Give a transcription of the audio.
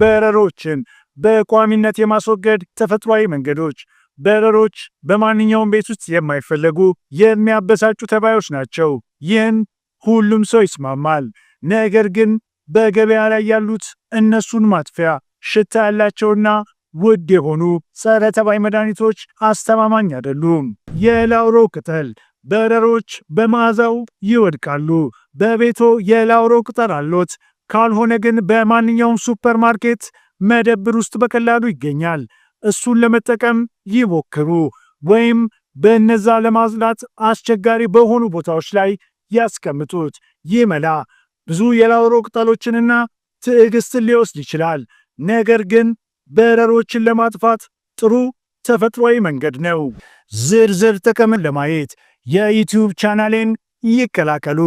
በረሮችን በቋሚነት የማስወገድ ተፈጥሯዊ መንገዶች። በረሮች በማንኛውም ቤት ውስጥ የማይፈለጉ የሚያበሳጩ ተባዮች ናቸው። ይህን ሁሉም ሰው ይስማማል። ነገር ግን በገበያ ላይ ያሉት እነሱን ማጥፊያ፣ ሽታ ያላቸውና ውድ የሆኑ ጸረ ተባይ መድኃኒቶች አስተማማኝ አይደሉም። የላውሮ ቅጠል በረሮች በመዓዛው ይወድቃሉ። በቤቶ የላውሮ ቅጠል አሎት? ካልሆነ ግን በማንኛውም ሱፐር ማርኬት መደብር ውስጥ በቀላሉ ይገኛል። እሱን ለመጠቀም ይሞክሩ፣ ወይም በእነዛ ለማጽዳት አስቸጋሪ በሆኑ ቦታዎች ላይ ያስቀምጡት። ይህ መላ ብዙ የላውሮ ቅጠሎችንና ትዕግስትን ሊወስድ ይችላል፣ ነገር ግን በረሮችን ለማጥፋት ጥሩ ተፈጥሯዊ መንገድ ነው። ዝርዝር ጥቅምን ለማየት የዩቲዩብ ቻናሌን ይቀላቀሉ።